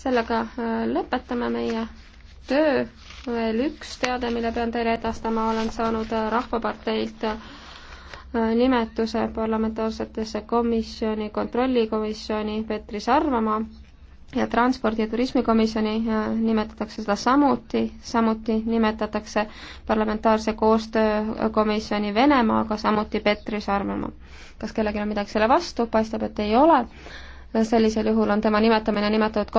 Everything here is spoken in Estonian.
sellega äh, lõpetame meie töö. veel üks teade, mille pean teile edastama, olen saanud äh, Rahvaparteilt äh, nimetuse parlamentaarsetesse komisjoni, kontrollikomisjoni Petri Sarvamaa ja Transpordi- ja Turismikomisjoni nimetatakse seda samuti, samuti nimetatakse parlamentaarse koostöökomisjoni Venemaaga samuti Petri Sarvamaa. kas kellelgi on midagi selle vastu, paistab, et ei ole, sellisel juhul on tema nimetamine nimetatud